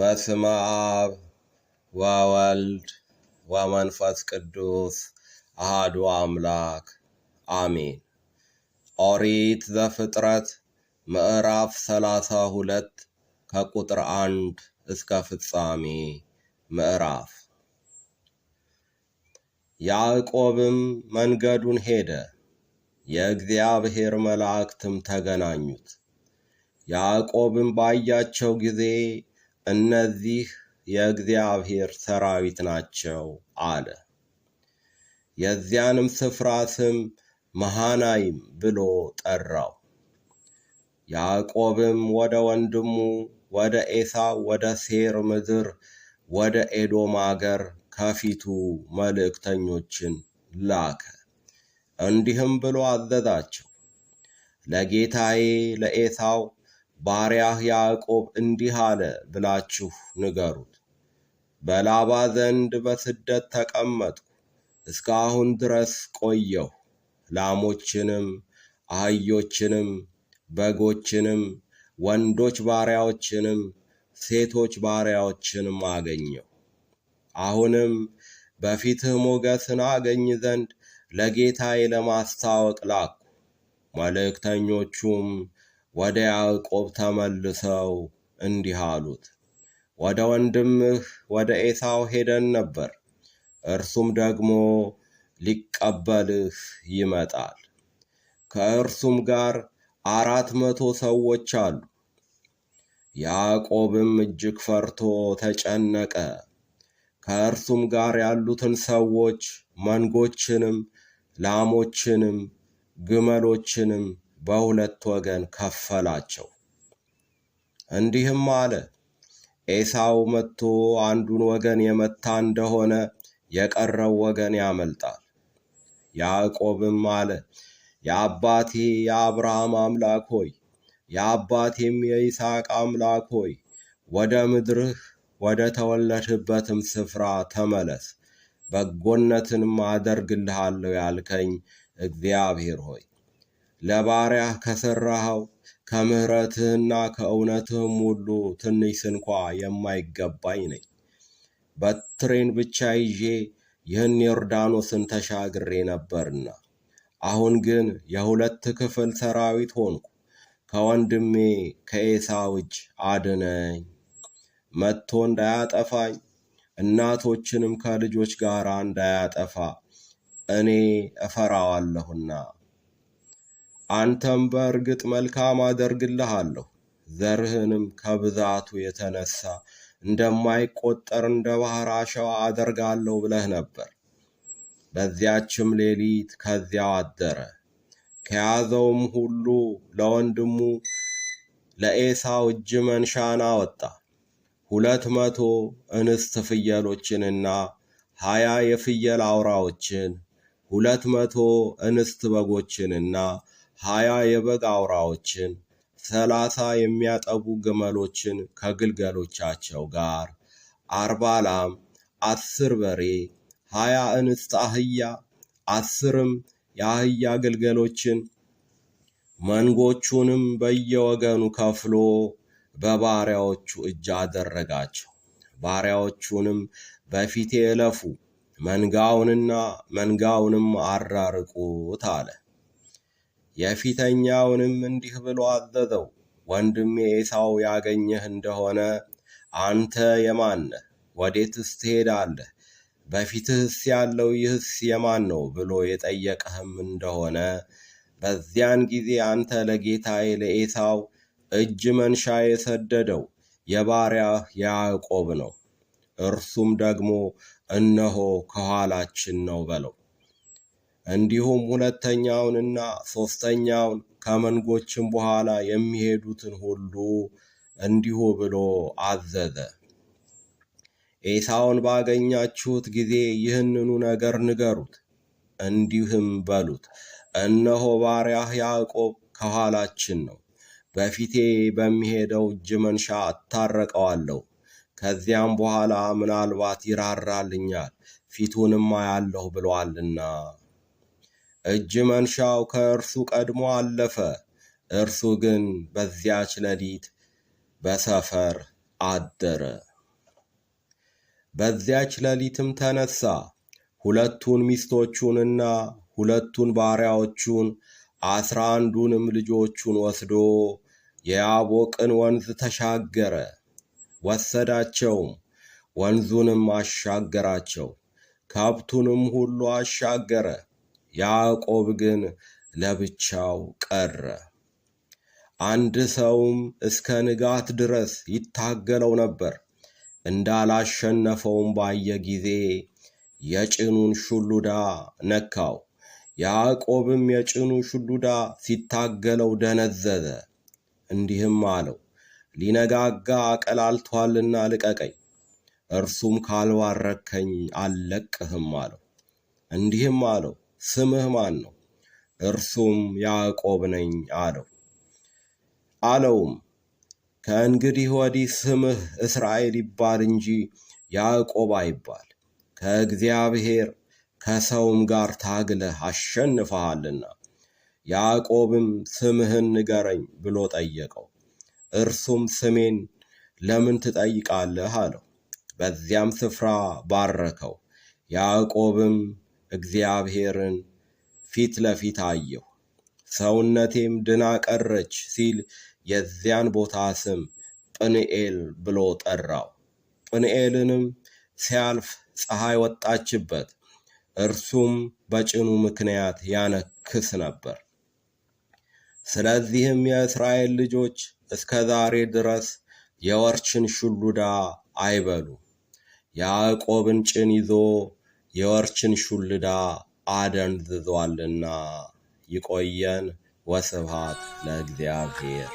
በስመ አብ ወወልድ ወመንፈስ ቅዱስ አህዱ አምላክ አሜን። ኦሪት ዘፍጥረት ምዕራፍ ሰላሳ ሁለት ከቁጥር አንድ እስከ ፍጻሜ ምዕራፍ። ያዕቆብም መንገዱን ሄደ፣ የእግዚአብሔር መላእክትም ተገናኙት። ያዕቆብም ባያቸው ጊዜ እነዚህ የእግዚአብሔር ሰራዊት ናቸው አለ። የዚያንም ስፍራ ስም መሃናይም ብሎ ጠራው። ያዕቆብም ወደ ወንድሙ ወደ ኤሳው ወደ ሴር ምድር ወደ ኤዶም አገር ከፊቱ መልእክተኞችን ላከ። እንዲህም ብሎ አዘዛቸው ለጌታዬ ለኤሳው ባሪያህ ያዕቆብ እንዲህ አለ ብላችሁ ንገሩት። በላባ ዘንድ በስደት ተቀመጥኩ፣ እስካሁን ድረስ ቆየሁ። ላሞችንም፣ አህዮችንም፣ በጎችንም፣ ወንዶች ባሪያዎችንም፣ ሴቶች ባሪያዎችንም አገኘሁ። አሁንም በፊትህ ሞገስን አገኝ ዘንድ ለጌታዬ ለማስታወቅ ላኩ። መልእክተኞቹም ወደ ያዕቆብ ተመልሰው እንዲህ አሉት፣ ወደ ወንድምህ ወደ ኤሳው ሄደን ነበር፣ እርሱም ደግሞ ሊቀበልህ ይመጣል። ከእርሱም ጋር አራት መቶ ሰዎች አሉ። ያዕቆብም እጅግ ፈርቶ ተጨነቀ። ከእርሱም ጋር ያሉትን ሰዎች መንጎችንም፣ ላሞችንም፣ ግመሎችንም በሁለት ወገን ከፈላቸው። እንዲህም አለ፣ ኤሳው መጥቶ አንዱን ወገን የመታ እንደሆነ የቀረው ወገን ያመልጣል። ያዕቆብም አለ፣ የአባቴ የአብርሃም አምላክ ሆይ የአባቴም የይስሐቅ አምላክ ሆይ ወደ ምድርህ ወደ ተወለድህበትም ስፍራ ተመለስ፣ በጎነትንም አደርግልሃለሁ ያልከኝ እግዚአብሔር ሆይ ለባሪያህ ከሰራኸው ከምሕረትህና ከእውነትህም ሁሉ ትንሽ ስንኳ የማይገባኝ ነኝ። በትሬን ብቻ ይዤ ይህን ዮርዳኖስን ተሻግሬ ነበርና፣ አሁን ግን የሁለት ክፍል ሰራዊት ሆንኩ። ከወንድሜ ከኤሳው እጅ አድነኝ፣ መጥቶ እንዳያጠፋኝ፣ እናቶችንም ከልጆች ጋር እንዳያጠፋ እኔ እፈራዋለሁና። አንተም በእርግጥ መልካም አደርግልሃለሁ ዘርህንም ከብዛቱ የተነሳ እንደማይቆጠር እንደ ባህር አሸዋ አደርጋለሁ ብለህ ነበር። በዚያችም ሌሊት ከዚያው አደረ። ከያዘውም ሁሉ ለወንድሙ ለኤሳው እጅ መንሻን አወጣ። ሁለት መቶ እንስት ፍየሎችንና ሀያ የፍየል አውራዎችን ሁለት መቶ እንስት በጎችንና ሀያ የበግ አውራዎችን ሰላሳ የሚያጠቡ ግመሎችን ከግልገሎቻቸው ጋር አርባ ላም፣ አስር በሬ፣ ሀያ እንስት አህያ፣ አስርም የአህያ ግልገሎችን መንጎቹንም በየወገኑ ከፍሎ በባሪያዎቹ እጅ አደረጋቸው። ባሪያዎቹንም በፊቴ እለፉ፣ መንጋውንና መንጋውንም አራርቁት አለ። የፊተኛውንም እንዲህ ብሎ አዘዘው፣ ወንድሜ ኤሳው ያገኘህ እንደሆነ አንተ የማን ነህ? ወዴትስ ትሄዳለህ? በፊትህስ ያለው ይህስ የማን ነው ብሎ የጠየቀህም እንደሆነ በዚያን ጊዜ አንተ ለጌታዬ ለኤሳው እጅ መንሻ የሰደደው የባሪያህ ያዕቆብ ነው፣ እርሱም ደግሞ እነሆ ከኋላችን ነው በለው። እንዲሁም ሁለተኛውንና ሦስተኛውን ከመንጎችም በኋላ የሚሄዱትን ሁሉ እንዲሁ ብሎ አዘዘ። ኤሳውን ባገኛችሁት ጊዜ ይህንኑ ነገር ንገሩት፣ እንዲህም በሉት፣ እነሆ ባሪያህ ያዕቆብ ከኋላችን ነው። በፊቴ በሚሄደው እጅ መንሻ እታረቀዋለሁ። ከዚያም በኋላ ምናልባት ይራራልኛል፣ ፊቱንም አያለሁ ብሏልና። እጅ መንሻው ከእርሱ ቀድሞ አለፈ። እርሱ ግን በዚያች ሌሊት በሰፈር አደረ። በዚያች ሌሊትም ተነሳ፣ ሁለቱን ሚስቶቹንና ሁለቱን ባሪያዎቹን አስራ አንዱንም ልጆቹን ወስዶ የያቦቅን ወንዝ ተሻገረ። ወሰዳቸውም፣ ወንዙንም አሻገራቸው፣ ከብቱንም ሁሉ አሻገረ። ያዕቆብ ግን ለብቻው ቀረ። አንድ ሰውም እስከ ንጋት ድረስ ይታገለው ነበር። እንዳላሸነፈውም ባየ ጊዜ የጭኑን ሹሉዳ ነካው። ያዕቆብም የጭኑ ሹሉዳ ሲታገለው ደነዘዘ፣ እንዲህም አለው፣ ሊነጋጋ አቀላልቷልና ልቀቀኝ፣ እርሱም ካልባረከኝ አልለቅህም አለው። እንዲህም አለው ስምህ ማን ነው? እርሱም ያዕቆብ ነኝ አለው። አለውም ከእንግዲህ ወዲህ ስምህ እስራኤል ይባል እንጂ ያዕቆብ አይባል፣ ከእግዚአብሔር ከሰውም ጋር ታግለህ አሸንፈሃልና። ያዕቆብም ስምህን ንገረኝ ብሎ ጠየቀው። እርሱም ስሜን ለምን ትጠይቃለህ? አለው። በዚያም ስፍራ ባረከው። ያዕቆብም እግዚአብሔርን ፊት ለፊት አየሁ፣ ሰውነቴም ድና ቀረች ሲል የዚያን ቦታ ስም ጵንኤል ብሎ ጠራው። ጵንኤልንም ሲያልፍ ፀሐይ ወጣችበት፣ እርሱም በጭኑ ምክንያት ያነክስ ነበር። ስለዚህም የእስራኤል ልጆች እስከ ዛሬ ድረስ የወርችን ሹሉዳ አይበሉ። ያዕቆብን ጭን ይዞ የወርችን ሹልዳ አደንዝዟልና። ይቆየን። ወስብሃት ለእግዚአብሔር።